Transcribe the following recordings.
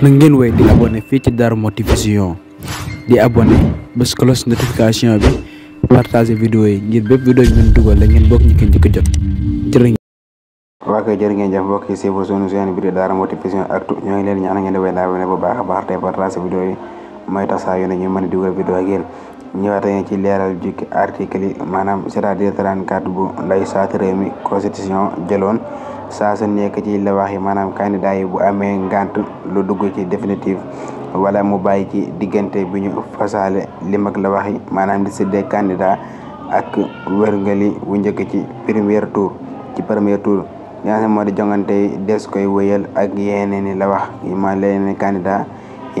na ngeen wéy di abonné fii ci Darou Mouhty Vision di abonné bés cloche notification bi partager vidéo yi ngir bépp vidéo yi ngeen dugal la bokk ñu ko a jot jërë waa koy jërë ngeen jëf mbokk yi bi di Darou Actu ñoo ngi leen ñaan ngeen di wéy daa a baax tey partager yi mooy tax saa yu ne ñu mën a dugal vidéo ak yéen ñëwaat ci leeral jukki article yi maanaam c'est-à-dire 34 bu nday saati réew mi constitution jëloon saa su ci la wax yi maanaam candidat bu amee ngant lu dugg ci définitive wala mu bàyyi ci diggante bi ñu fasaale lim ak la wax yi maanaam di séddee candidat ak wërngali wu njëkk ci premier tour ci premier tour ñaase moo di jongante des koy wéyal ak yeneen ni la ma leneen candidat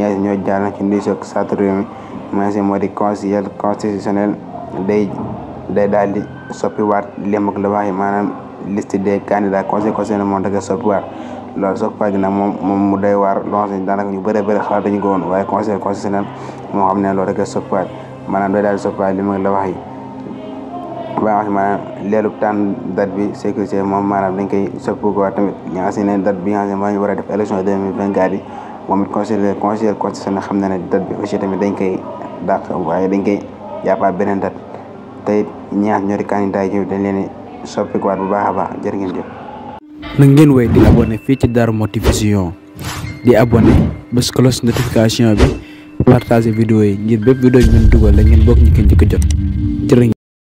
yi nga ñoo jàll ci ndey soog saatu réew mi mooy si moo di conseil constitutionnel day day daal di soppiwaat léem ak la wax yi maanaam liste des candidats conseil constitutionnel moom da koy soppiwaat loolu soog pàgg nag moom moom mu doy waar loo xam ne daanaka ñu bëre bëri xalaat dañu ko woon waaye conseil constitutionnel moo xam ne loolu da koy soppiwaat maanaam day daal di soppiwaat léem ak la wax yi ba nga xam maanaam leelu tànn date bi sécurité moom maanaam dañ koy soppi ko waat tamit ñi nga xam ne date bi nga xam ne moo ñu war a def élection 2024 bi moom it conseiller conseiller constitutionnel xam na ne date bi aussi tamit dañ koy dàq waaye dañ koy jàppaat beneen date te it ñoo di candidat yi dañ leen soppikuwaat bu baax a baax jërë ngeen jëf. na ngeen wéy di abonné fii ci Darou Motivation di abonné bés cloche notification bi partager vidéo yi ngir bépp vidéo yi ngeen dugal la ngeen bokk ñu ko njëkk a jot jërë